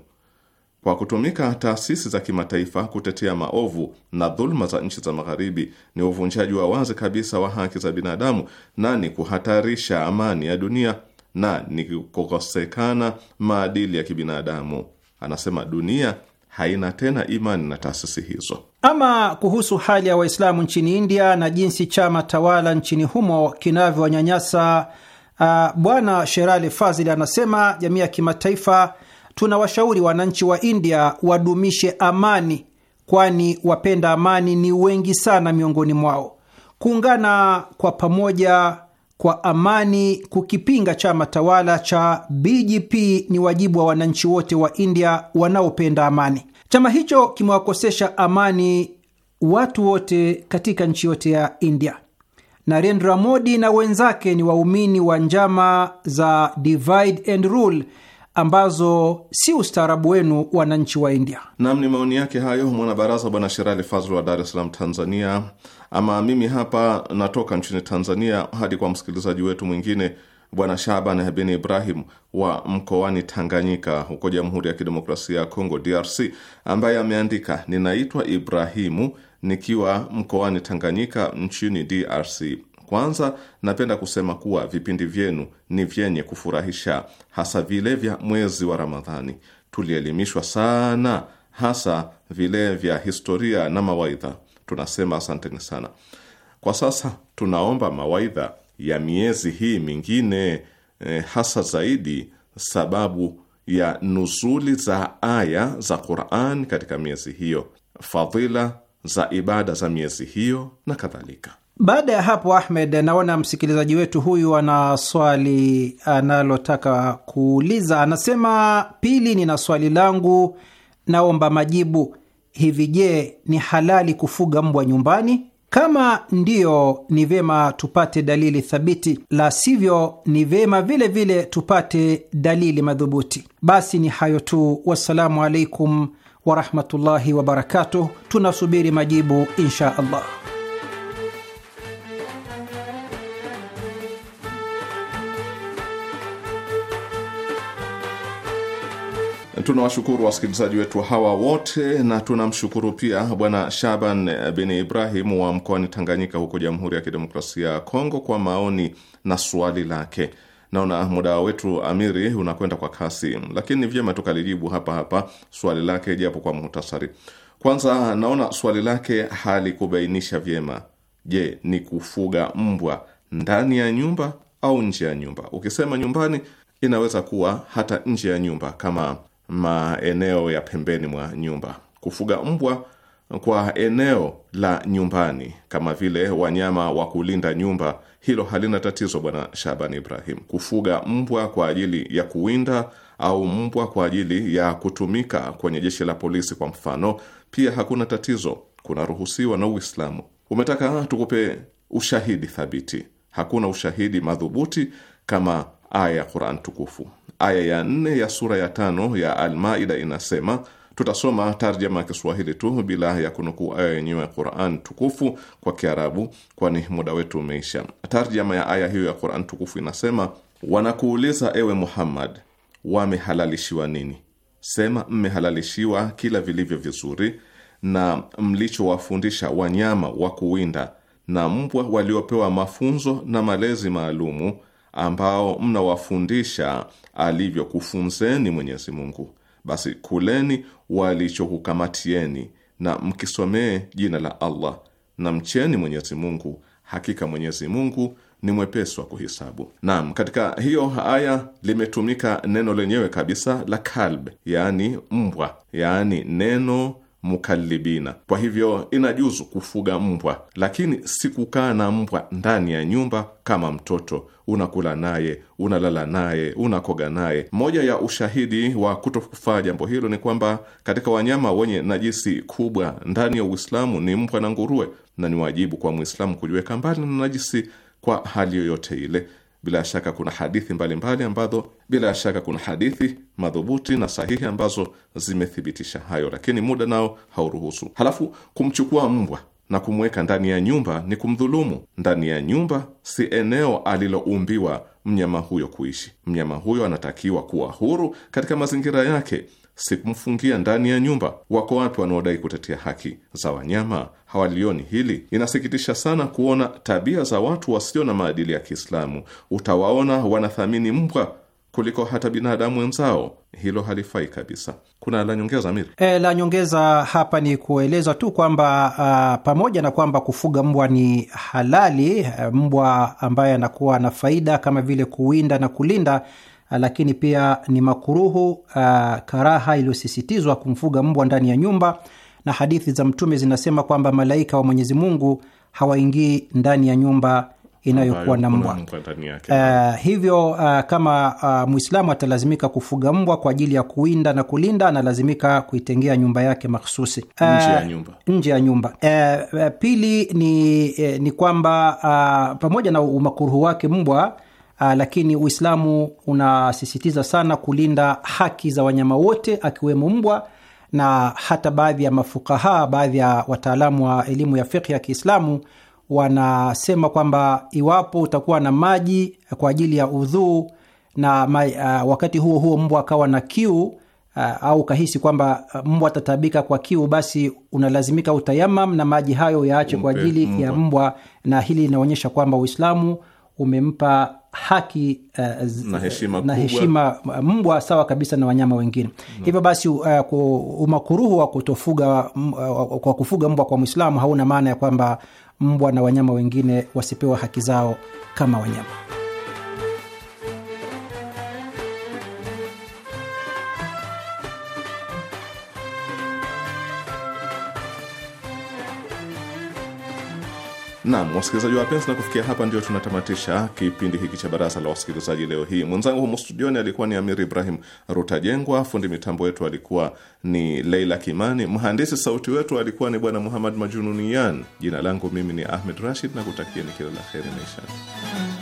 kwa kutumika taasisi za kimataifa kutetea maovu na dhuluma za nchi za Magharibi ni uvunjaji wa wazi kabisa wa haki za binadamu na ni kuhatarisha amani ya dunia na ni kukosekana maadili ya kibinadamu. Anasema dunia haina tena imani na taasisi hizo. Ama kuhusu hali ya Waislamu nchini India na jinsi chama tawala nchini humo kinavyonyanyasa uh, Bwana Sherali Fazili anasema jamii ya kimataifa tunawashauri wananchi wa India wadumishe amani, kwani wapenda amani ni wengi sana miongoni mwao. Kuungana kwa pamoja kwa amani kukipinga chama tawala cha BJP ni wajibu wa wananchi wote wa India wanaopenda amani. Chama hicho kimewakosesha amani watu wote katika nchi yote ya India. Narendra Modi na wenzake ni waumini wa njama za divide and rule ambazo si ustaarabu wenu, wananchi wa India. Nam, ni maoni yake hayo mwanabaraza Bwana Sherali Fazlu wa Dar es Salaam, Tanzania. Ama mimi hapa natoka nchini Tanzania hadi kwa msikilizaji wetu mwingine Bwana Shaban bin Ibrahim wa mkoani Tanganyika huko Jamhuri ya Kidemokrasia ya Kongo, DRC, ambaye ameandika: ninaitwa Ibrahimu nikiwa mkoani Tanganyika nchini DRC. Kwanza napenda kusema kuwa vipindi vyenu ni vyenye kufurahisha, hasa vile vya mwezi wa Ramadhani. Tulielimishwa sana, hasa vile vya historia na mawaidha. Tunasema asanteni sana. Kwa sasa tunaomba mawaidha ya miezi hii mingine eh, hasa zaidi sababu ya nuzuli za aya za Qur'an katika miezi hiyo, fadhila za ibada za miezi hiyo na kadhalika. Baada ya hapo, Ahmed, naona msikilizaji wetu huyu ana swali analotaka kuuliza. Anasema, pili, nina swali langu, naomba majibu. Hivi je, ni halali kufuga mbwa nyumbani? Kama ndiyo, ni vyema tupate dalili thabiti, la sivyo ni vyema vile vile tupate dalili madhubuti. Basi ni hayo tu, wassalamu alaikum warahmatullahi wabarakatuh. Tunasubiri majibu insha Allah. Tunawashukuru wasikilizaji wetu hawa wote na tunamshukuru pia Bwana Shaban bin Ibrahim wa mkoani Tanganyika huko Jamhuri ya Kidemokrasia ya Kongo kwa maoni na swali lake. Naona muda wetu Amiri unakwenda kwa kasi, lakini ni vyema tukalijibu hapa hapa swali lake japo kwa muhtasari. Kwanza naona swali lake halikubainisha vyema. Je, ni kufuga mbwa ndani ya nyumba au nje ya nyumba? Ukisema nyumbani, inaweza kuwa hata nje ya nyumba kama maeneo ya pembeni mwa nyumba. Kufuga mbwa kwa eneo la nyumbani kama vile wanyama wa kulinda nyumba, hilo halina tatizo, Bwana Shaban Ibrahim. Kufuga mbwa kwa ajili ya kuwinda au mbwa kwa ajili ya kutumika kwenye jeshi la polisi, kwa mfano, pia hakuna tatizo, kunaruhusiwa na Uislamu. Umetaka tukupe ushahidi thabiti? Hakuna ushahidi madhubuti kama aya ya Quran tukufu. Aya ya nne ya sura ya tano ya Almaida inasema Tutasoma tarjama ya Kiswahili tu bila ya kunukuu aya yenyewe ya Quran tukufu kwa Kiarabu, kwani muda wetu umeisha. Tarjama ya aya hiyo ya Quran tukufu inasema: wanakuuliza ewe Muhammad, wamehalalishiwa nini? Sema, mmehalalishiwa kila vilivyo vizuri na mlichowafundisha wanyama wa kuwinda na mbwa waliopewa mafunzo na malezi maalumu ambao mnawafundisha alivyokufunzeni Mwenyezi Mungu, basi kuleni walichokukamatieni na mkisomee jina la Allah na mcheni Mwenyezi Mungu, hakika Mwenyezi Mungu ni mwepesi wa kuhisabu. Naam, katika hiyo aya limetumika neno lenyewe kabisa la kalb, yaani mbwa, yaani neno mukalibina. Kwa hivyo inajuzu kufuga mbwa, lakini si kukaa na mbwa ndani ya nyumba kama mtoto. Unakula naye, unalala naye, unakoga naye. Moja ya ushahidi wa kutofaa jambo hilo ni kwamba katika wanyama wenye najisi kubwa ndani ya Uislamu ni mbwa na nguruwe, na ni wajibu kwa Mwislamu kujiweka mbali na najisi kwa hali yoyote ile. Bila shaka kuna hadithi mbalimbali ambazo bila shaka kuna hadithi madhubuti na sahihi ambazo zimethibitisha hayo, lakini muda nao hauruhusu. Halafu kumchukua mbwa na kumweka ndani ya nyumba ni kumdhulumu. Ndani ya nyumba si eneo aliloumbiwa mnyama huyo kuishi. Mnyama huyo anatakiwa kuwa huru katika mazingira yake sikumfungia ndani ya nyumba. Wako watu wanaodai kutetea haki za wanyama, hawalioni hili. Inasikitisha sana kuona tabia za watu wasio na maadili ya Kiislamu. Utawaona wanathamini mbwa kuliko hata binadamu wenzao. Hilo halifai kabisa. Kuna la nyongeza Mir? E, eh, la nyongeza hapa ni kueleza tu kwamba uh, pamoja na kwamba kufuga mbwa ni halali, eh, mbwa ambaye anakuwa na faida kama vile kuwinda na kulinda Ah, lakini pia ni makuruhu uh, karaha iliyosisitizwa kumfuga mbwa ndani ya nyumba, na hadithi za Mtume zinasema kwamba malaika wa Mwenyezi Mungu hawaingii ndani ya nyumba inayokuwa na mbwa. Uh, hivyo uh, kama uh, Muislamu atalazimika kufuga mbwa kwa ajili ya kuwinda na kulinda, analazimika kuitengea nyumba yake makhsusi uh, nje ya nyumba, nje ya nyumba. Uh, pili ni, eh, ni kwamba uh, pamoja na umakuruhu wake mbwa Uh, lakini Uislamu unasisitiza sana kulinda haki za wanyama wote akiwemo mbwa, na hata baadhi ya mafukaha, baadhi ya wataalamu wa elimu ya fiqhi ya Kiislamu wanasema kwamba iwapo utakuwa na maji kwa ajili ya udhuu na ma, uh, ah, wakati huo huo mbwa akawa na kiu uh, au kahisi kwamba mbwa atatabika kwa kiu, basi unalazimika utayamam na maji hayo yaache kwa ajili ya mbwa, na hili linaonyesha kwamba Uislamu umempa haki uh, z, na heshima, na heshima uh, mbwa sawa kabisa na wanyama wengine no. Mm. Hivyo basi uh, umakuruhu wa kutofuga uh, kwa kufuga mbwa kwa Mwislamu hauna maana ya kwamba mbwa na wanyama wengine wasipewa haki zao kama wanyama. Naam, wasikilizaji wapenzi, na kufikia hapa ndio tunatamatisha kipindi hiki cha baraza la wasikilizaji leo hii. Mwenzangu humu studioni alikuwa ni amir Ibrahim Rutajengwa, fundi mitambo wetu alikuwa ni Leila Kimani, mhandisi sauti wetu alikuwa ni Bwana Muhammad Majununian. Jina langu mimi ni Ahmed Rashid na kutakieni kila la heri maishani.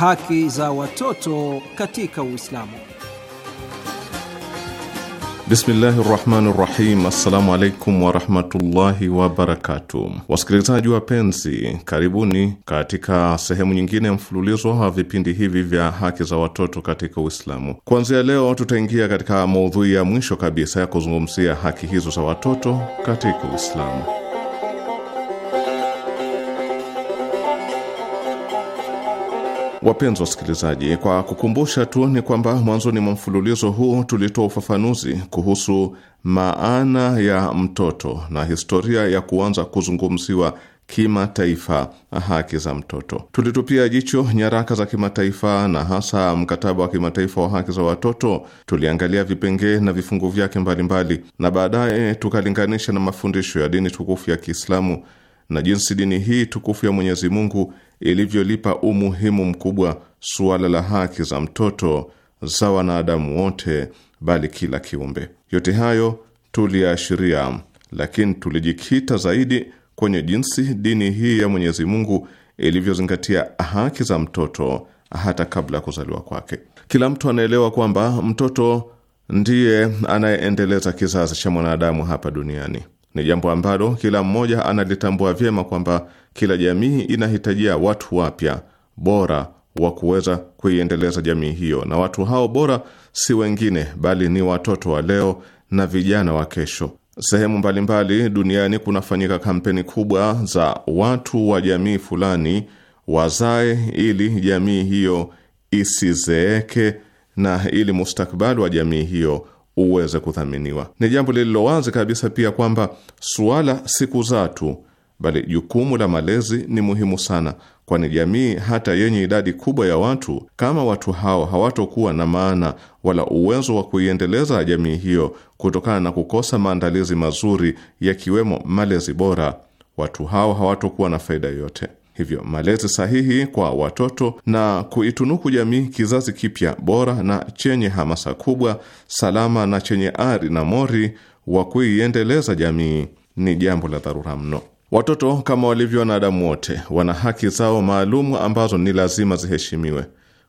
Haki za watoto katika Uislamu. Bismillahi rahmani rahim. Assalamu alaikum warahmatullahi wabarakatuh. Wasikilizaji wapenzi, karibuni katika sehemu nyingine ya mfululizo wa vipindi hivi vya haki za watoto katika Uislamu. Kuanzia leo, tutaingia katika maudhui ya mwisho kabisa ya kuzungumzia haki hizo za watoto katika Uislamu. Wapenzi wasikilizaji, kwa kukumbusha tu ni kwamba mwanzoni mwa mfululizo huu tulitoa ufafanuzi kuhusu maana ya mtoto na historia ya kuanza kuzungumziwa kimataifa haki za mtoto. Tulitupia jicho nyaraka za kimataifa na hasa mkataba wa kimataifa wa haki za watoto. Tuliangalia vipengee na vifungu vyake mbalimbali, na baadaye tukalinganisha na mafundisho ya dini tukufu ya Kiislamu na jinsi dini hii tukufu ya Mwenyezi Mungu ilivyolipa umuhimu mkubwa suala la haki za mtoto za wanadamu wote, bali kila kiumbe. Yote hayo tuliyaashiria, lakini tulijikita zaidi kwenye jinsi dini hii ya Mwenyezi Mungu ilivyozingatia haki za mtoto hata kabla ya kuzaliwa kwake. Kila mtu anaelewa kwamba mtoto ndiye anayeendeleza kizazi cha mwanadamu hapa duniani. Ni jambo ambalo kila mmoja analitambua vyema kwamba kila jamii inahitajia watu wapya bora wa kuweza kuiendeleza jamii hiyo, na watu hao bora si wengine bali ni watoto wa leo na vijana wa kesho. Sehemu mbalimbali duniani kunafanyika kampeni kubwa za watu wa jamii fulani wazae ili jamii hiyo isizeeke na ili mustakabali wa jamii hiyo uweze kudhaminiwa. Ni jambo lililo wazi kabisa pia kwamba suala si kuzaa tu, bali jukumu la malezi ni muhimu sana, kwani jamii hata yenye idadi kubwa ya watu, kama watu hao hawatokuwa na maana wala uwezo wa kuiendeleza jamii hiyo kutokana na kukosa maandalizi mazuri, yakiwemo malezi bora, watu hao hawatokuwa na faida yoyote. Hivyo malezi sahihi kwa watoto na kuitunuku jamii kizazi kipya bora na chenye hamasa kubwa, salama na chenye ari na mori wa kuiendeleza jamii ni jambo la dharura mno. Watoto kama walivyo wanadamu wote wana haki zao maalumu ambazo ni lazima ziheshimiwe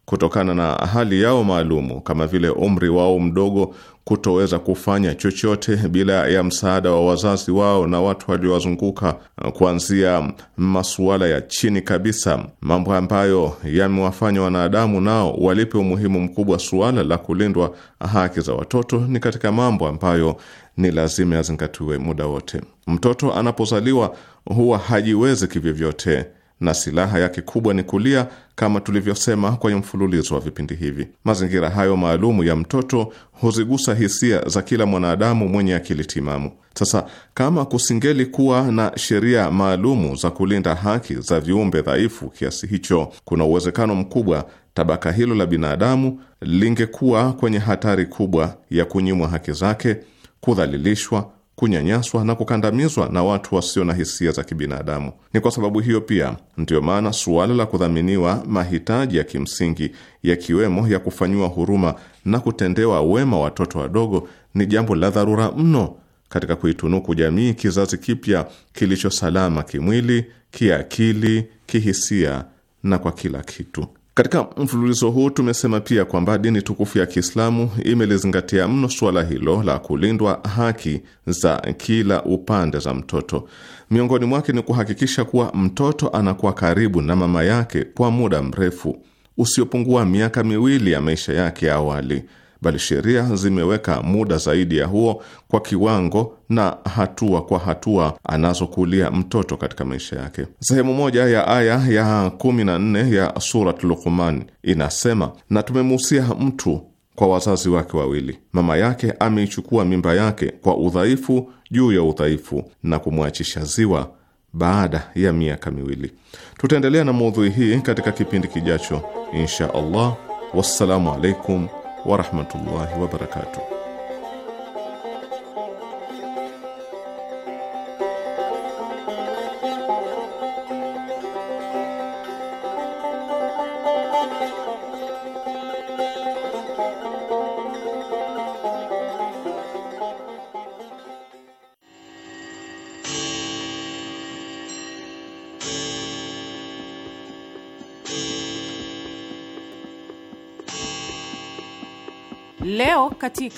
kutokana na hali yao maalumu kama vile umri wao mdogo, kutoweza kufanya chochote bila ya msaada wa wazazi wao na watu waliowazunguka, kuanzia masuala ya chini kabisa, mambo ambayo yamewafanya wanadamu nao walipe umuhimu mkubwa suala la kulindwa haki za watoto, ni katika mambo ambayo ni lazima yazingatiwe muda wote. Mtoto anapozaliwa huwa hajiwezi kivyovyote na silaha yake kubwa ni kulia, kama tulivyosema kwenye mfululizo wa vipindi hivi. Mazingira hayo maalumu ya mtoto huzigusa hisia za kila mwanadamu mwenye akili timamu. Sasa kama kusingeli kuwa na sheria maalumu za kulinda haki za viumbe dhaifu kiasi hicho, kuna uwezekano mkubwa tabaka hilo la binadamu lingekuwa kwenye hatari kubwa ya kunyimwa haki zake, kudhalilishwa kunyanyaswa na kukandamizwa na watu wasio na hisia za kibinadamu. Ni kwa sababu hiyo pia ndiyo maana suala la kudhaminiwa mahitaji ya kimsingi yakiwemo ya kufanyiwa huruma na kutendewa wema watoto wadogo ni jambo la dharura mno katika kuitunuku jamii kizazi kipya kilicho salama kimwili, kiakili, kihisia na kwa kila kitu. Katika mfululizo huu tumesema pia kwamba dini tukufu ya Kiislamu imelizingatia mno suala hilo la kulindwa haki za kila upande za mtoto. Miongoni mwake ni kuhakikisha kuwa mtoto anakuwa karibu na mama yake kwa muda mrefu usiopungua miaka miwili ya maisha yake ya awali bali sheria zimeweka muda zaidi ya huo kwa kiwango na hatua kwa hatua anazokulia mtoto katika maisha yake. Sehemu moja ya aya ya kumi na nne ya Surat Luqman inasema, na tumemuhusia mtu kwa wazazi wake wawili, mama yake ameichukua mimba yake kwa udhaifu juu ya udhaifu na kumwachisha ziwa baada ya miaka miwili. Tutaendelea na maudhui hii katika kipindi kijacho insha Allah. Wassalamu alaikum ورحمة الله وبركاته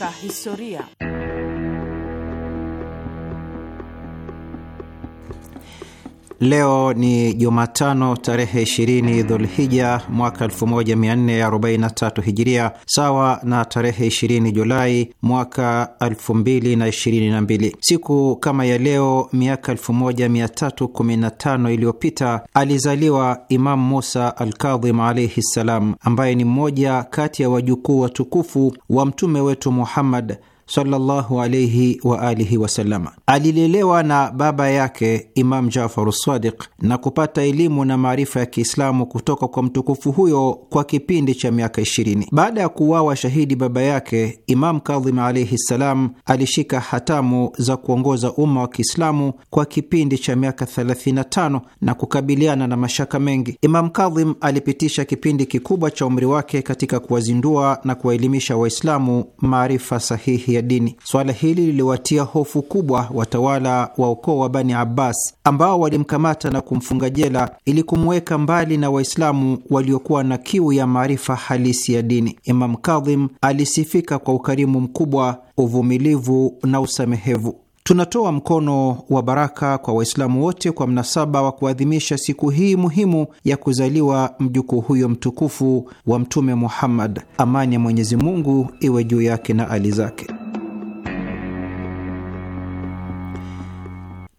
katika historia. Leo ni Jumatano tarehe 20 Dhulhija mwaka 1443 Hijiria, sawa na tarehe 20 Julai mwaka 2022. Siku kama ya leo miaka 1315 iliyopita alizaliwa Imamu Musa Alkadhim alaihi ssalam, ambaye ni mmoja kati ya wajukuu watukufu wa mtume wetu Muhammad sallallahu alayhi wa alihi Alilelewa na baba yake Imam Jafar Sadiq na kupata elimu na maarifa ya Kiislamu kutoka kwa mtukufu huyo kwa kipindi cha miaka 20. Baada ya kuuawa shahidi baba yake, Imam Kadhim alaihi ssalam alishika hatamu za kuongoza umma wa Kiislamu kwa kipindi cha miaka 35 na kukabiliana na mashaka mengi. Imam Kadhim alipitisha kipindi kikubwa cha umri wake katika kuwazindua na kuwaelimisha Waislamu maarifa sahihi ya dini. Swala hili liliwatia hofu kubwa watawala wa ukoo wa Bani Abbas ambao walimkamata na kumfunga jela ili kumweka mbali na Waislamu waliokuwa na kiu ya maarifa halisi ya dini. Imam Kadhim alisifika kwa ukarimu mkubwa, uvumilivu na usamehevu. Tunatoa mkono wa baraka kwa Waislamu wote kwa mnasaba wa kuadhimisha siku hii muhimu ya kuzaliwa mjukuu huyo mtukufu wa Mtume Muhammad, amani ya Mwenyezi Mungu iwe juu yake na ali zake.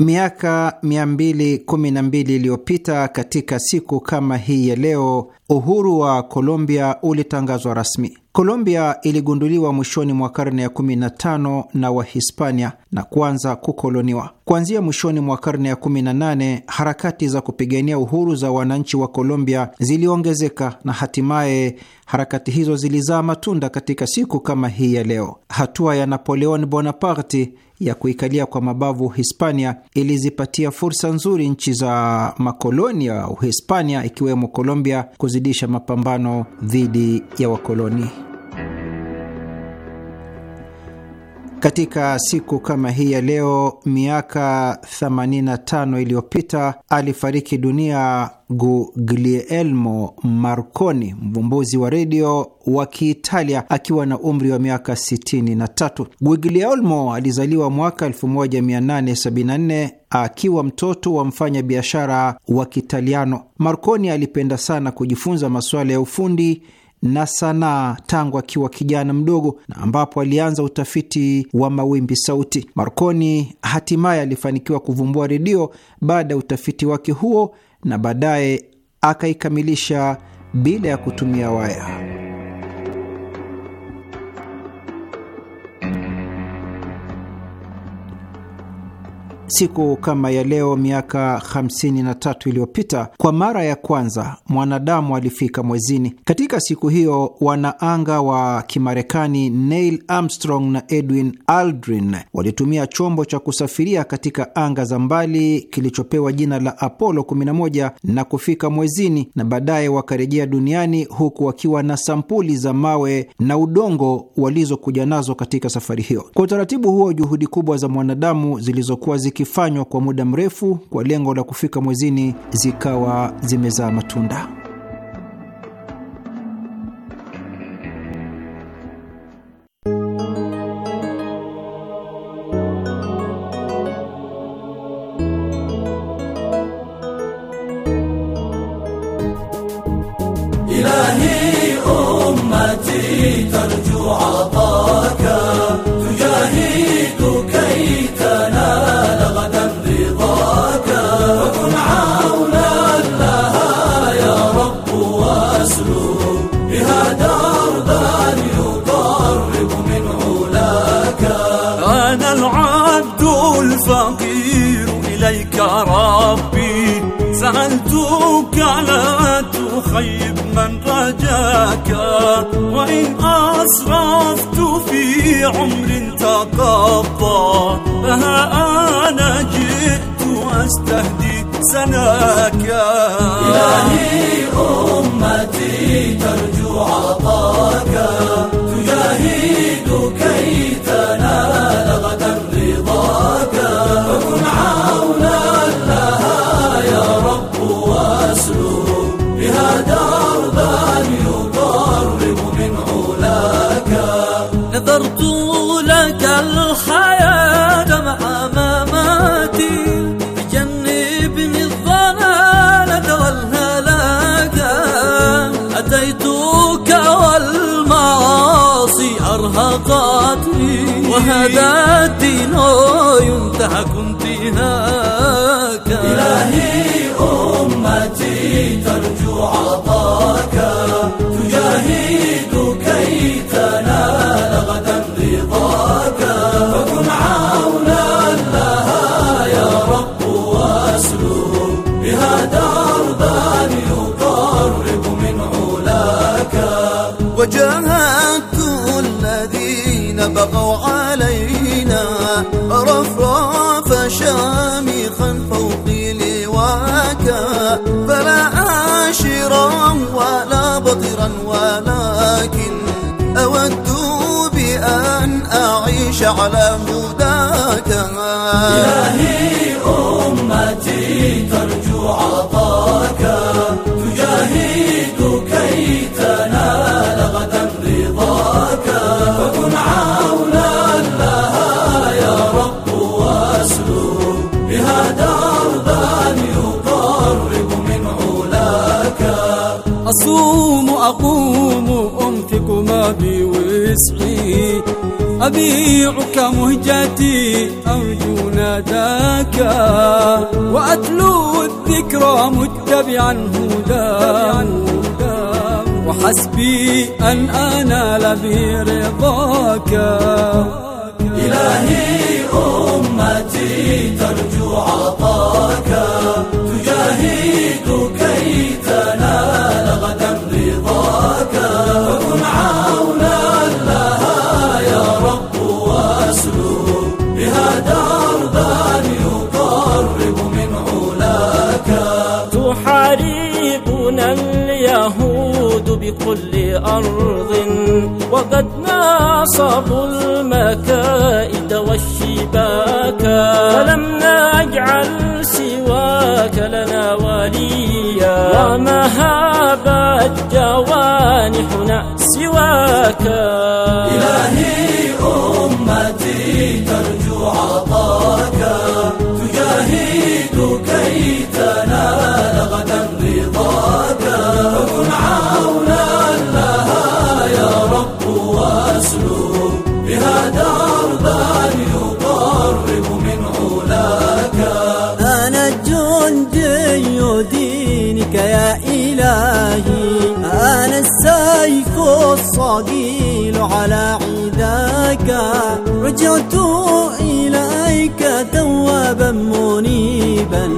Miaka 212 iliyopita katika siku kama hii ya leo, uhuru wa Colombia ulitangazwa rasmi. Colombia iligunduliwa mwishoni mwa karne ya 15 na Wahispania na kuanza kukoloniwa. Kuanzia mwishoni mwa karne ya 18, harakati za kupigania uhuru za wananchi wa Colombia ziliongezeka na hatimaye harakati hizo zilizaa matunda katika siku kama hii ya leo. Hatua ya Napoleon Bonaparte ya kuikalia kwa mabavu Hispania ilizipatia fursa nzuri nchi za makoloni ya Uhispania ikiwemo Colombia kuzidisha mapambano dhidi ya wakoloni. Katika siku kama hii ya leo miaka 85 iliyopita alifariki dunia Guglielmo Marconi, mvumbuzi wa redio wa Kiitalia akiwa na umri wa miaka 63. Guglielmo alizaliwa mwaka 1874 akiwa mtoto wa mfanya biashara wa Kitaliano. Marconi alipenda sana kujifunza masuala ya ufundi na sanaa tangu akiwa kijana mdogo na ambapo alianza utafiti wa mawimbi sauti. Marconi hatimaye alifanikiwa kuvumbua redio baada ya utafiti wake huo, na baadaye akaikamilisha bila ya kutumia waya. siku kama ya leo miaka 53 iliyopita, kwa mara ya kwanza mwanadamu alifika mwezini. Katika siku hiyo, wanaanga wa Kimarekani Neil Armstrong na Edwin Aldrin walitumia chombo cha kusafiria katika anga za mbali kilichopewa jina la Apollo 11 na kufika mwezini, na baadaye wakarejea duniani huku wakiwa na sampuli za mawe na udongo walizokuja nazo katika safari hiyo. Kwa utaratibu huo, juhudi kubwa za mwanadamu zilizokuwa zikifanywa kwa muda mrefu kwa lengo la kufika mwezini zikawa zimezaa matunda. ولا تخيب من رجاك وإن أسرفت في عمر تقضى فها أنا جئت أستهدي سناك إلهي أمتي ترجو عطاك تجاهد كي تنال غدا رضاك فكن عونا عاداتي نو ينتهى انتهاك على موداك إلهي أمتي ترجو عطاك تجاهد كي تنال غدا رضاك فكن عونا لها يا رب واسلو بها دربا يقرب من علاك أصوم أقوم أمتك ما بوسعي أبيعك مهجتي أرجو ناداك وأتلو الذكرى متبعا هدى وحسبي أن أنال برضاك إلهي أمتي ترجو عطاك تجاهد كي تنال غداك بكل أرض وقد ناصبوا المكائد والشباك فلم نجعل سواك لنا وليا وما هابت جوانحنا سواك إلهي أمتي ترجو عطاك تجاهد كي تنال غدا رضاك فكن عونا إلهي أنا السيف الصقيل على عيداك رجعت إليك توابا منيبا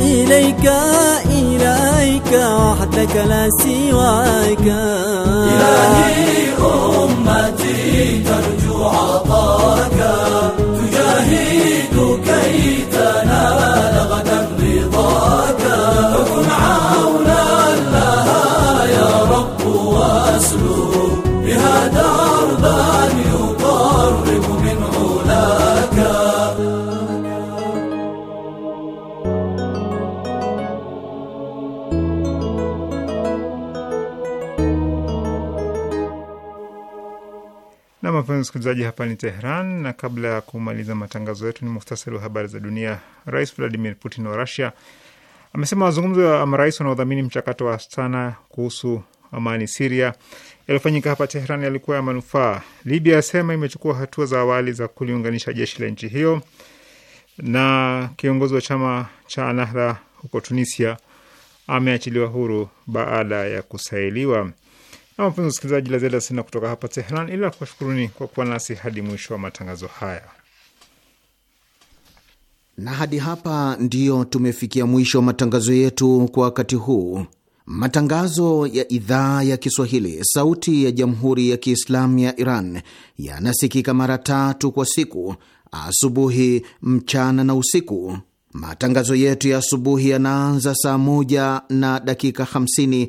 إليك إليك وحدك لا سواك إلهي أمتي ترجو عطاك تجاهد كي تنال غدا رضاك حكم عون Wapenzi msikilizaji, hapa ni Tehran, na kabla ya kumaliza matangazo yetu ni muhtasari wa habari za dunia. Rais Vladimir Putin wa Rusia amesema mazungumzo ya marais wanaodhamini mchakato wa Astana kuhusu amani Siria yaliyofanyika hapa Tehran yalikuwa ya manufaa. Libya yasema imechukua hatua za awali za kuliunganisha jeshi la nchi hiyo, na kiongozi wa chama cha anahda huko Tunisia ameachiliwa huru baada ya kusailiwa na Wapenzi wasikilizaji, la ziada sina kutoka hapa Teheran ila kuwashukuruni kwa kuwa nasi hadi mwisho wa matangazo haya. Na hadi hapa ndiyo tumefikia mwisho wa matangazo yetu kwa wakati huu. Matangazo ya idhaa ya Kiswahili, sauti ya jamhuri ya Kiislamu ya Iran yanasikika mara tatu kwa siku: asubuhi, mchana na usiku. Matangazo yetu ya asubuhi yanaanza saa moja na dakika 50